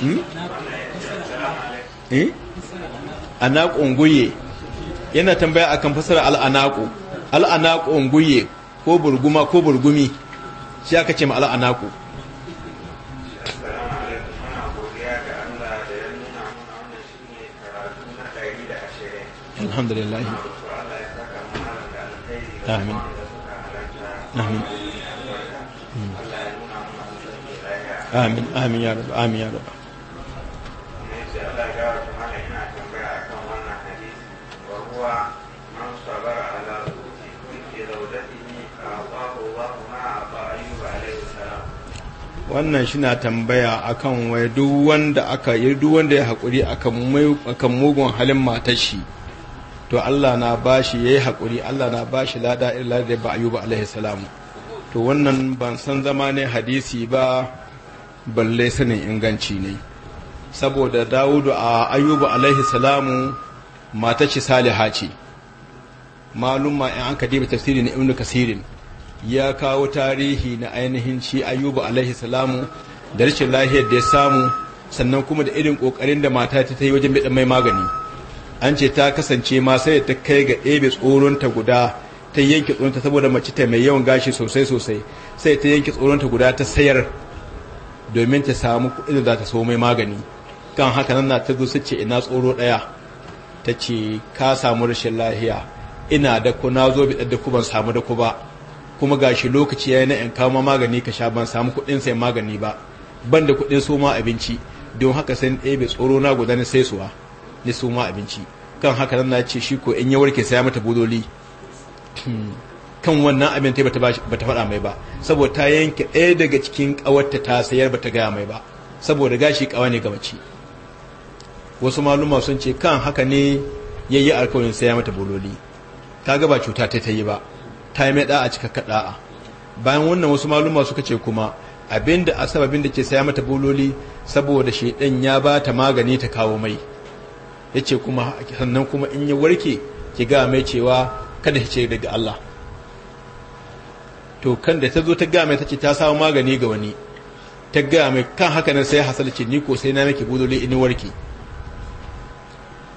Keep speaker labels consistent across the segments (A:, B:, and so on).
A: Hmm? Eh? anaƙon yana tambaya akan fasara al'anaƙo al'anaƙon guye ko burguma ko burgumi shi aka ce ma al'anaku. alhamdulillah amin amin hmm. amin amin ya rabu amin ya rabu wannan shi na tambaya akan wai duk wanda aka yi duk wanda ya haƙuri kan mugun halin matar shi to Allah na bashi yayi haƙuri Allah na bashi lada irin lada ba ayuba alaihi salam to wannan ban san zama ne hadisi ba balle sanin inganci ne saboda Dawudu a ayuba alaihi salamu matar shi saliha ce malumma in an ka diba tafsirin ibnu kasirin ya kawo tarihi na ainihin shi ayuba alaihi salamu da rashin lahiyar da ya samu sannan kuma da irin kokarin da mata ta yi wajen mai magani an ce ta kasance ma sai ta kai ga ɗebe tsoronta guda ta yanke tsoronta saboda mace ta mai yawan gashi sosai sosai sai ta yanke tsoronta guda ta sayar domin ta samu kuɗin da za ta so mai magani kan haka nan na ta zo ce ina tsoro ɗaya ta ce ka samu rashin lahiya ina da ku na zo bi da ku ban samu da ku ba kuma gashi lokaci yi na in kama magani ka sha ban samu kuɗin sai magani ba ban da kuɗin soma abinci don haka sai bai tsoro na guda na sai suwa ni soma abinci kan haka nan na ce shi ko in ya warke sai mata budoli kan wannan abin ta bata faɗa mai ba saboda ta yanke ɗaya daga cikin ƙawarta ta sayar bata gaya mai ba saboda gashi ƙawa ne ga mace wasu maluma sun ce kan haka ne yayi alkawarin saya mata bololi kaga ba cuta ta ta yi ba ta yi a cika a bayan wannan wasu maluma suka ce kuma abinda a sababin da ke saya mata bololi saboda shaidan ya ba ta magani ta kawo mai ya ce kuma sannan kuma in ya warke ki ga mai cewa kada ce daga Allah to kan da ta zo ta ga mai ta ce ta samu magani ga wani ta ga mai kan haka nan sai hasal ce ni ko sai na miki bololi in warke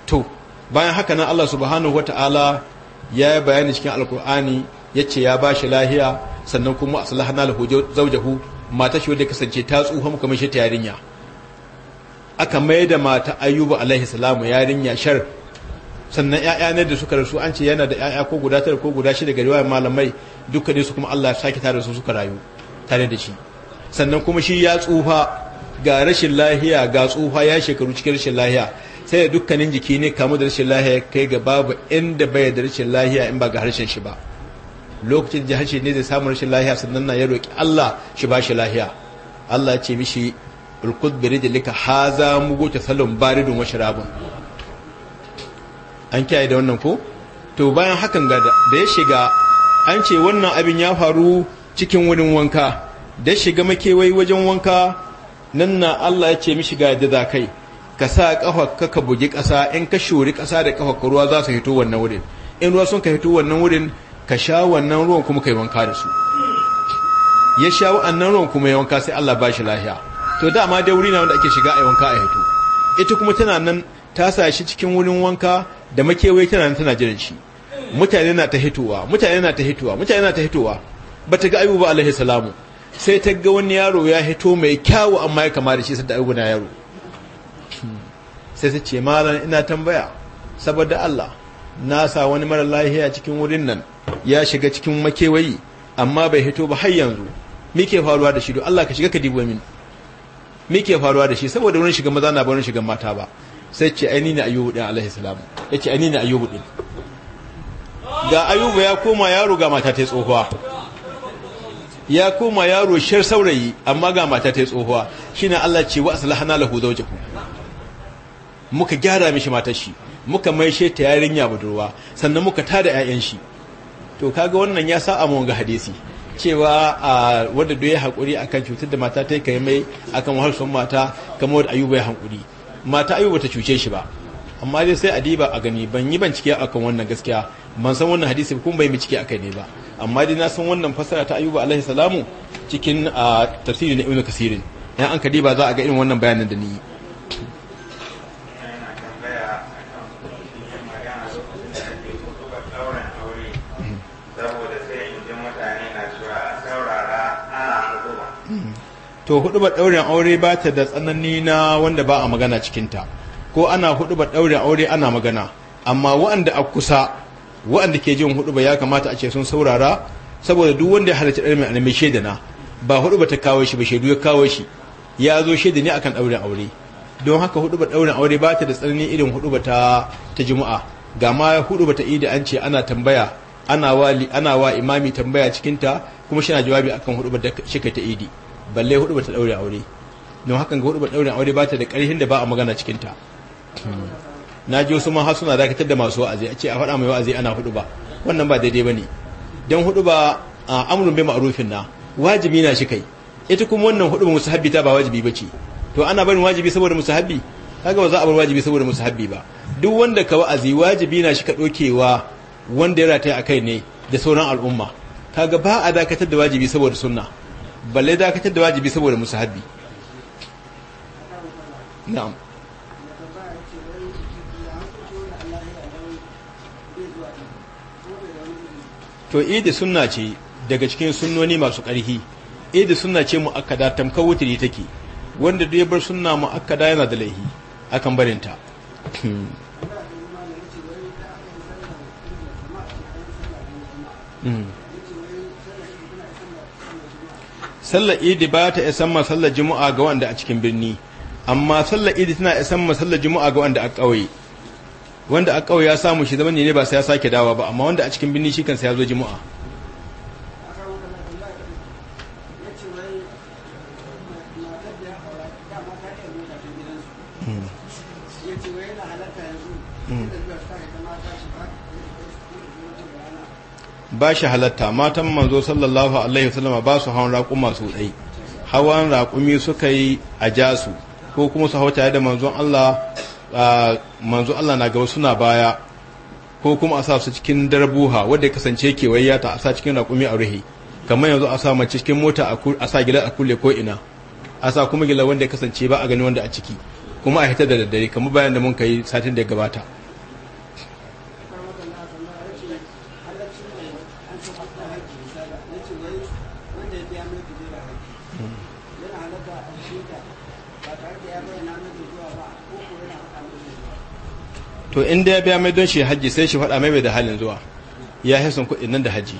A: to bayan haka nan Allah subhanahu wataala ya yi bayani cikin alkur'ani Ya ce ya ba shi lahiya sannan kuma a na lahu zaujahu mata shi wanda kasance ta tsufa muka mishi ta yarinya aka mai da mata ayyubu alaihi salamu yarinya shar sannan yaya ne da suka rasu an ce yana da yaya ko guda tara ko guda shida ga riwayar malamai ne su kuma Allah sake tare su suka rayu tare da shi sannan kuma shi ya tsufa ga rashin lahiya ga tsufa ya shekaru cikin rashin lahiya sai da dukkanin jiki ne kamu da rashin lahiya kai ga babu inda bai da rashin lahiya in ba ga harshen shi ba lokacin da shi ne zai samu rashin lahiya sannan na ya roƙi Allah shi ba shi lahiya Allah ya ce mishi ulkud ha haza mu ta salon baridun wa sharabun an kiyaye da wannan ko to bayan hakan ga da ya shiga an ce wannan abin ya faru cikin wurin wanka da shiga makewayi wajen wanka nan na Allah ya ce mishi ga da za kai ka sa kafarka ka bugi ƙasa in ka shori ƙasa da kafarka ruwa za su hito wannan wurin in ruwa sun ka hito wannan wurin ka sha wannan ruwan kuma kai wanka da su ya sha wannan ruwan kuma ya wanka sai Allah ba shi lahiya to dama dai wuri na wanda ake shiga a wanka a hito ita kuma tana nan ta sa shi cikin wurin wanka da makewaye tana nan tana jiran shi mutane na ta hitowa mutane na ta hitowa mutane na ta hitowa bata ga ayuba alaihi salamu sai ta ga wani yaro ya hito mai kyawu amma ya kama da shi sai da ayuba na yaro hmm. sai ta ce malam ina tambaya saboda Allah nasa wani mara lahiya cikin wurin nan ya shiga cikin makewayi amma bai hito ba har yanzu muke ke faruwa da shi don Allah ka shiga ka dibo min muke ke faruwa da shi saboda wurin shiga maza na ba wurin shiga mata ba sai ce aini ne ayyubu din alaihi salam yace aini ne ayyubu din ga ayyubu ya koma yaro ga mata ta tsohuwa ya koma yaro shar saurayi amma ga mata ta tsohuwa shine Allah ce wa aslahana lahu zawjahu muka gyara mishi matar shi muka maishe ta yarinya budurwa sannan muka tada ƴaƴan shi to kaga wannan ya sa amon ga hadisi cewa a wanda da ya hakuri akan cutar da mata ta kai mai akan wahalsun mata kamar wanda ayuba ya hankuri mata ayuba ta cuce shi ba amma dai sai a a gani ban yi bincike akan wannan gaskiya ban san wannan hadisi kuma bai bincike akai ne ba amma dai na san wannan fasara ta ayuba alaihi salamu cikin tafsirin ibnu kasirin yan an kadi diba za a ga irin wannan bayanin da ni to hudu ɗaurin aure ba ta da tsanani na wanda ba a magana cikinta ko ana hudu ɗaurin aure ana magana amma wa'anda a kusa wa'anda ke jin hudu ba ya kamata a ce sun saurara saboda duk wanda ya halarci ɗaurin mai shaida na ba hudu ba ta kawo shi ba shaidu ya kawo shi ya zo shaida ne akan ɗaurin aure don haka hudu ba ɗaurin aure ba ta da tsanani irin hudu ba ta ta juma'a ga ma hudu ba ta idi an ce ana tambaya ana wa imami tambaya cikinta kuma shi na jawabi akan hudubar da shi ta idi balle hudubar ta daure aure don hakan ga hudubar daure aure ba ta da karhin da ba a magana cikinta. na ji wasu ma suna dakatar da masu wa'azi a ce a faɗa mai wa'azi ana hudu wannan ba daidai ba ne don hudu ba a amurin bai ma'arufin na wajibi na shi kai ita kuma wannan hudu musu musahabbi ta ba wajibi ba ce to ana barin wajibi saboda musu musahabbi kaga ba za a bar wajibi saboda musu musahabbi ba duk wanda ka wa'azi wajibi na shi ka ɗokewa wanda ya rataya a kai ne da sauran al'umma kaga ba a dakatar da wajibi saboda sunna balle dakatar da wajibi saboda musahabi na'am to idi sunna ce daga cikin sunnoni masu ƙarfi idi sunna ce mu'akkada tamkar wutri take wanda duk ya bar sunna mu'akkada yana da laihi akan barinta mm sallar idi ba ta isan masallar jimu'a ga wanda a cikin birni amma sallar idi tana isan masallar jimu'a ga wanda a ƙauye wanda a ƙauye ya samu shi zaman ne ba sai ya sake dawa ba amma wanda a cikin birni shi kansa ya zo jimu'a. ba shi halatta matan manzo sallallahu alaihi wasallama ba su hawan raƙuma su ɗai hawan raƙumi suka yi a jasu ko kuma su hau tare da manzon Allah manzon Allah na gaba suna baya ko kuma a sa su cikin darbuha wanda ya kasance kewayya ta a sa cikin raƙumi a ruhe kamar yanzu a sa ma cikin mota a sa gila a kulle ko ina a sa kuma gila wanda ya kasance ba a gani wanda a ciki kuma a hita da daddare kamar bayan da mun kai satin da ya gabata to in da ya biya mai don shi hajji sai shi faɗa mai da halin zuwa ya yi sun nan da hajji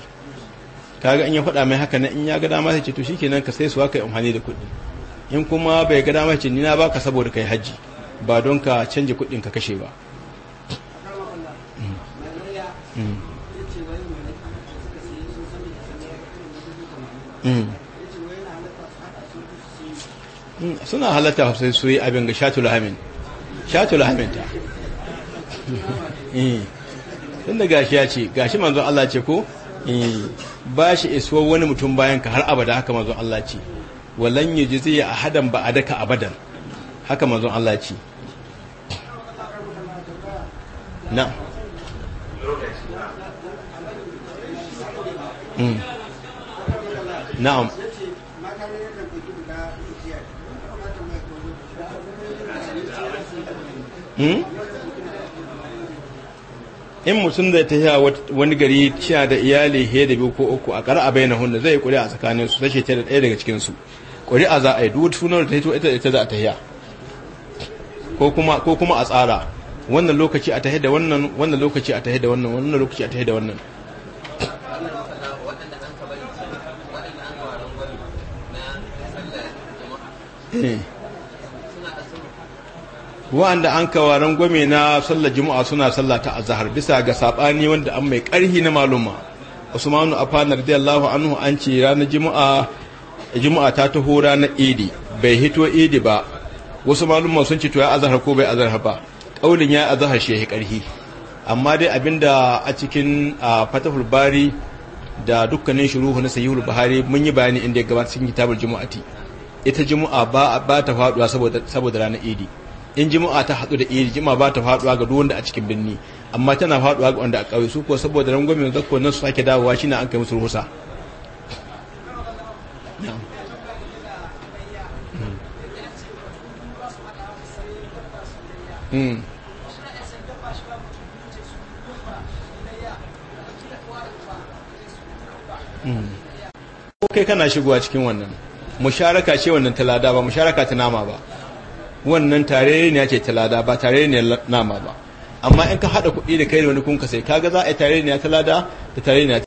A: kaga in ya faɗa mai haka nan in ya ga dama sai ce to shikenan ka sai su yi amfani da kuɗi in kuma bai ga dama ce nina ba ka saboda kai hajji ba don ka canji kuɗin ka kashe ba suna halatta sai su yi abin ga shatul hamin shatul hamin ta inda eh. gashi ya ce gashi manzo Allah ce ko eh. ba shi isuwar wani mutum bayan ka har abada haka manzo Allah ce walan a hadan ba adaka abadan haka manzo Allah ce na na'am hmm? hmm? in mutum zai ta wani gari cewa da iyali he da biyu ko uku a kara a bayyana hunda zai kuri a tsakanin su tashi ta da ɗaya daga cikin su kuri a za a yi duk sunan da ta ita ita za a ta ko kuma ko kuma a tsara wannan lokaci a ta da wannan wannan lokaci a ta da wannan wannan lokaci a ta da wannan eh. wa'anda an kawaran gwame na sallar juma'a suna sallah ta azahar bisa ga saɓani wanda an mai karhi na maluma usmanu afan radiyallahu anhu an ce ranar juma'a juma'a ta taho ranar idi bai hito idi ba wasu maluma sun ce to ya azahar ko bai azahar ba kaulin ya azahar shi ya karhi amma dai abinda a cikin fatahul bari da dukkanin shuruhu na sayyul buhari mun yi bayani inda ya gabata cikin kitabul juma'ati ita juma'a ba ta faduwa saboda ranar idi in jima'a ta hatsu da iri jima'a ba ta faduwa ga duwanda a cikin birni amma tana faduwa ga wanda a ƙauye su ko saboda rangwamin zakko nan su sake dawowa na an kai musu rusa. Hmm. Hmm. ko kai kana shigowa cikin wannan musharaka ce wannan talada ba musharaka ta nama ba wannan tare ne ce talada ba tare ne nama ba amma in ka haɗa kuɗi da kai da wani kun ka sai kaga za a yi tare ne talada da tare ne